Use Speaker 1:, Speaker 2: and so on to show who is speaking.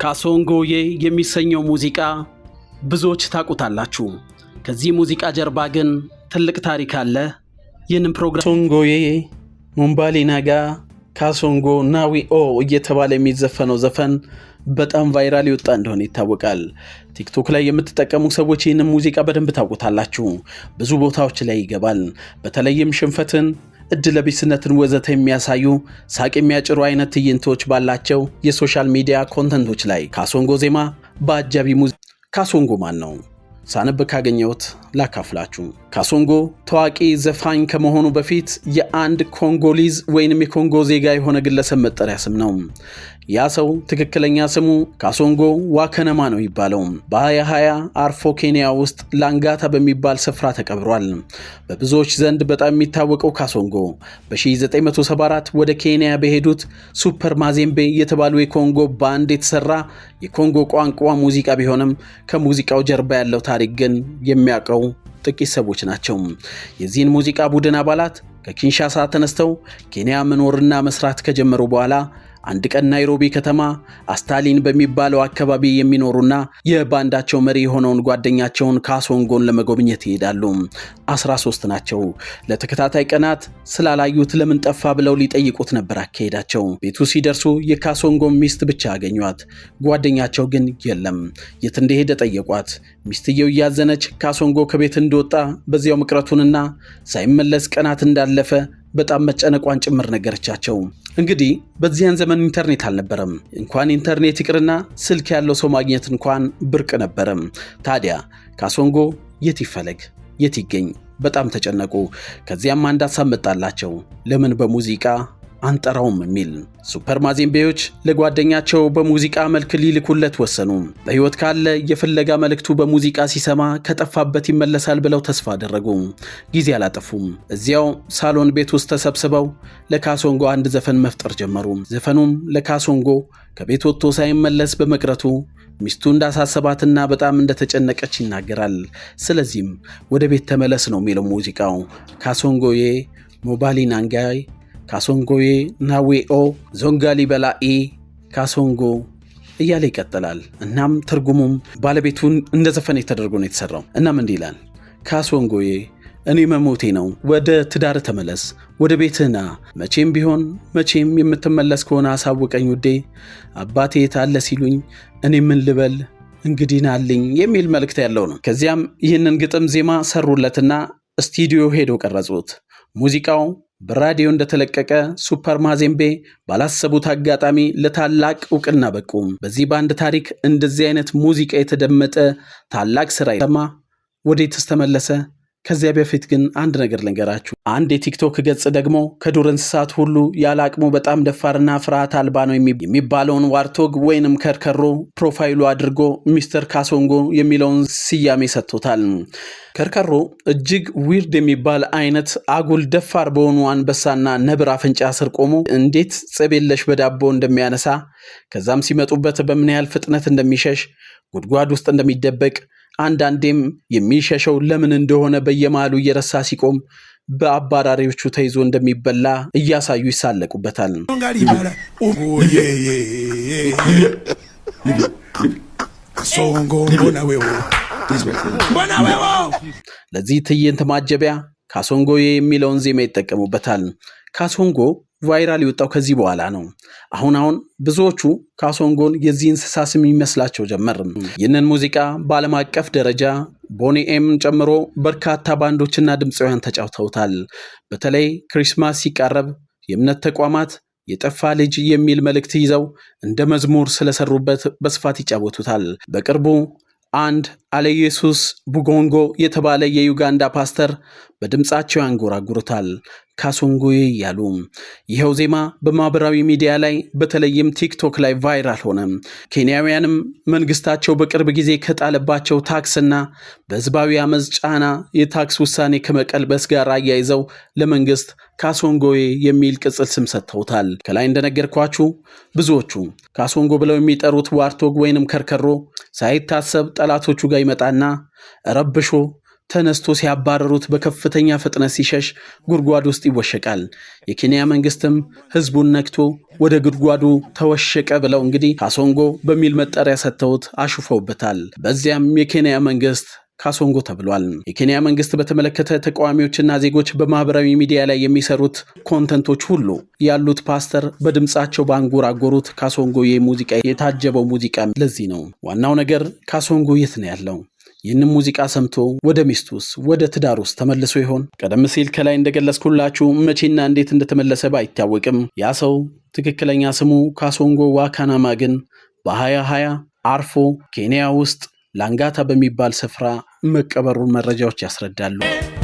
Speaker 1: ካሶንጎዬ የሚሰኘው ሙዚቃ ብዙዎች ታውቁታላችሁ። ከዚህ ሙዚቃ ጀርባ ግን ትልቅ ታሪክ አለ። ይህንም ፕሮግራም ካሶንጎዬ ሙምባሊናጋ ካሶንጎ ናዊኦ እየተባለ የሚዘፈነው ዘፈን በጣም ቫይራል የወጣ እንደሆነ ይታወቃል። ቲክቶክ ላይ የምትጠቀሙ ሰዎች ይህንን ሙዚቃ በደንብ ታውቁታላችሁ። ብዙ ቦታዎች ላይ ይገባል። በተለይም ሽንፈትን እድለቢስነትን ወዘተ የሚያሳዩ ሳቅ የሚያጭሩ አይነት ትዕይንቶች ባላቸው የሶሻል ሚዲያ ኮንተንቶች ላይ ካሶንጎ ዜማ በአጃቢ ሙዚ ካሶንጎ ማን ነው? ሳነብ ካገኘሁት ላካፍላችሁ። ካሶንጎ ታዋቂ ዘፋኝ ከመሆኑ በፊት የአንድ ኮንጎሊዝ ወይንም የኮንጎ ዜጋ የሆነ ግለሰብ መጠሪያ ስም ነው። ያ ሰው ትክክለኛ ስሙ ካሶንጎ ዋከነማ ነው የሚባለው። በ2020 አርፎ ኬንያ ውስጥ ላንጋታ በሚባል ስፍራ ተቀብሯል። በብዙዎች ዘንድ በጣም የሚታወቀው ካሶንጎ በ1974 ወደ ኬንያ በሄዱት ሱፐር ማዜምቤ የተባሉ የኮንጎ ባንድ የተሰራ የኮንጎ ቋንቋ ሙዚቃ ቢሆንም ከሙዚቃው ጀርባ ያለው ታሪክ ግን የሚያውቀው ጥቂት ሰዎች ናቸው። የዚህን ሙዚቃ ቡድን አባላት ከኪንሻሳ ተነስተው ኬንያ መኖርና መስራት ከጀመሩ በኋላ አንድ ቀን ናይሮቢ ከተማ አስታሊን በሚባለው አካባቢ የሚኖሩና የባንዳቸው መሪ የሆነውን ጓደኛቸውን ካሶንጎን ለመጎብኘት ይሄዳሉ። 13 ናቸው። ለተከታታይ ቀናት ስላላዩት ለምን ጠፋ ብለው ሊጠይቁት ነበር አካሄዳቸው። ቤቱ ሲደርሱ የካሶንጎን ሚስት ብቻ አገኟት። ጓደኛቸው ግን የለም። የት እንደሄደ ጠየቋት። ሚስትየው እያዘነች ካሶንጎ ከቤት እንደወጣ በዚያው መቅረቱንና ሳይመለስ ቀናት እንዳለፈ በጣም መጨነቋን ጭምር ነገረቻቸው። እንግዲህ በዚያን ዘመን ኢንተርኔት አልነበረም። እንኳን ኢንተርኔት ይቅርና ስልክ ያለው ሰው ማግኘት እንኳን ብርቅ ነበረም። ታዲያ ካሶንጎ የት ይፈለግ የት ይገኝ? በጣም ተጨነቁ። ከዚያም አንድ ሀሳብ መጣላቸው። ለምን በሙዚቃ አንጠራውም የሚል ሱፐር ማዜምቤዎች ለጓደኛቸው በሙዚቃ መልክ ሊልኩለት ወሰኑ። በሕይወት ካለ የፍለጋ መልእክቱ በሙዚቃ ሲሰማ ከጠፋበት ይመለሳል ብለው ተስፋ አደረጉ። ጊዜ አላጠፉም። እዚያው ሳሎን ቤት ውስጥ ተሰብስበው ለካሶንጎ አንድ ዘፈን መፍጠር ጀመሩ። ዘፈኑም ለካሶንጎ ከቤት ወጥቶ ሳይመለስ በመቅረቱ ሚስቱ እንዳሳሰባትና በጣም እንደተጨነቀች ይናገራል። ስለዚህም ወደ ቤት ተመለስ ነው የሚለው ሙዚቃው ካሶንጎዬ ሞባሊ ናንጋይ ካሶንጎዬ ናዌኦ ዞንጋሊ በላኢ ካሶንጎ እያለ ይቀጥላል። እናም ትርጉሙም ባለቤቱን እንደ ዘፈኔ ተደርጎ ነው የተሰራው። እናም እንዲህ ይላል ካሶንጎዬ እኔ መሞቴ ነው። ወደ ትዳር ተመለስ፣ ወደ ቤትህና መቼም ቢሆን መቼም የምትመለስ ከሆነ አሳውቀኝ ውዴ። አባቴ አለ ሲሉኝ እኔ ምን ልበል እንግዲህ ናልኝ የሚል መልእክት ያለው ነው። ከዚያም ይህንን ግጥም ዜማ ሰሩለትና ስቱዲዮ ሄደው ቀረጹት። ሙዚቃው በራዲዮ እንደተለቀቀ ሱፐር ማዜምቤ ባላሰቡት አጋጣሚ ለታላቅ እውቅና በቁ። በዚህ ባንድ ታሪክ እንደዚህ አይነት ሙዚቃ የተደመጠ ታላቅ ስራ ይሰማ ወዴትስ ተመለሰ? ከዚያ በፊት ግን አንድ ነገር ልንገራችሁ። አንድ የቲክቶክ ገጽ ደግሞ ከዱር እንስሳት ሁሉ ያለ አቅሙ በጣም ደፋርና ፍርሃት አልባ ነው የሚባለውን ዋርቶግ ወይንም ከርከሮ ፕሮፋይሉ አድርጎ ሚስተር ካሶንጎ የሚለውን ስያሜ ሰጥቶታል። ከርከሮ እጅግ ዊርድ የሚባል አይነት አጉል ደፋር በሆኑ አንበሳና ነብር አፍንጫ ስር ቆሞ እንዴት ጸብ የለሽ በዳቦ እንደሚያነሳ ከዛም ሲመጡበት በምን ያህል ፍጥነት እንደሚሸሽ ጉድጓድ ውስጥ እንደሚደበቅ አንዳንዴም የሚሸሸው ለምን እንደሆነ በየመሃሉ እየረሳ ሲቆም በአባራሪዎቹ ተይዞ እንደሚበላ እያሳዩ ይሳለቁበታል። ለዚህ ትዕይንት ማጀቢያ ካሶንጎዬ የሚለውን ዜማ ይጠቀሙበታል። ካሶንጎ ቫይራል የወጣው ከዚህ በኋላ ነው። አሁን አሁን ብዙዎቹ ካሶንጎን የዚህ እንስሳ ስም ይመስላቸው ጀመር። ይህንን ሙዚቃ በዓለም አቀፍ ደረጃ ቦኒ ኤምን ጨምሮ በርካታ ባንዶችና ድምፃውያን ተጫውተውታል። በተለይ ክሪስማስ ሲቃረብ የእምነት ተቋማት የጠፋ ልጅ የሚል መልእክት ይዘው እንደ መዝሙር ስለሰሩበት በስፋት ይጫወቱታል። በቅርቡ አንድ አለኢየሱስ ቡጎንጎ የተባለ የዩጋንዳ ፓስተር በድምፃቸው ያንጎራጉሩታል ካሶንጎዬ እያሉ። ይኸው ዜማ በማህበራዊ ሚዲያ ላይ በተለይም ቲክቶክ ላይ ቫይራል ሆነ። ኬንያውያንም መንግስታቸው በቅርብ ጊዜ ከጣለባቸው ታክስና በህዝባዊ አመፅ ጫና የታክስ ውሳኔ ከመቀልበስ ጋር አያይዘው ለመንግስት ካሶንጎዬ የሚል ቅጽል ስም ሰጥተውታል። ከላይ እንደነገርኳችሁ ብዙዎቹ ካሶንጎ ብለው የሚጠሩት ዋርቶግ ወይንም ከርከሮ ሳይታሰብ ጠላቶቹ ጋር ይመጣና ረብሾ ተነስቶ ሲያባረሩት በከፍተኛ ፍጥነት ሲሸሽ ጉድጓድ ውስጥ ይወሸቃል። የኬንያ መንግስትም ህዝቡን ነክቶ ወደ ጉድጓዱ ተወሸቀ ብለው እንግዲህ ካሶንጎ በሚል መጠሪያ ሰጥተውት አሹፈውበታል። በዚያም የኬንያ መንግስት ካሶንጎ ተብሏል። የኬንያ መንግስት በተመለከተ ተቃዋሚዎችና ዜጎች በማህበራዊ ሚዲያ ላይ የሚሰሩት ኮንተንቶች ሁሉ ያሉት ፓስተር በድምፃቸው ባንጎራጎሩት ካሶንጎ የሙዚቃ የታጀበው ሙዚቃ ለዚህ ነው። ዋናው ነገር ካሶንጎ የት ነው ያለው? ይህንም ሙዚቃ ሰምቶ ወደ ሚስቱስ ወደ ትዳሩስ ተመልሶ ይሆን? ቀደም ሲል ከላይ እንደገለጽኩላችሁ መቼና እንዴት እንደተመለሰ ባይታወቅም ያ ሰው ትክክለኛ ስሙ ካሶንጎ ዋካናማ ግን በ2020 አርፎ ኬንያ ውስጥ ላንጋታ በሚባል ስፍራ መቀበሩን መረጃዎች ያስረዳሉ።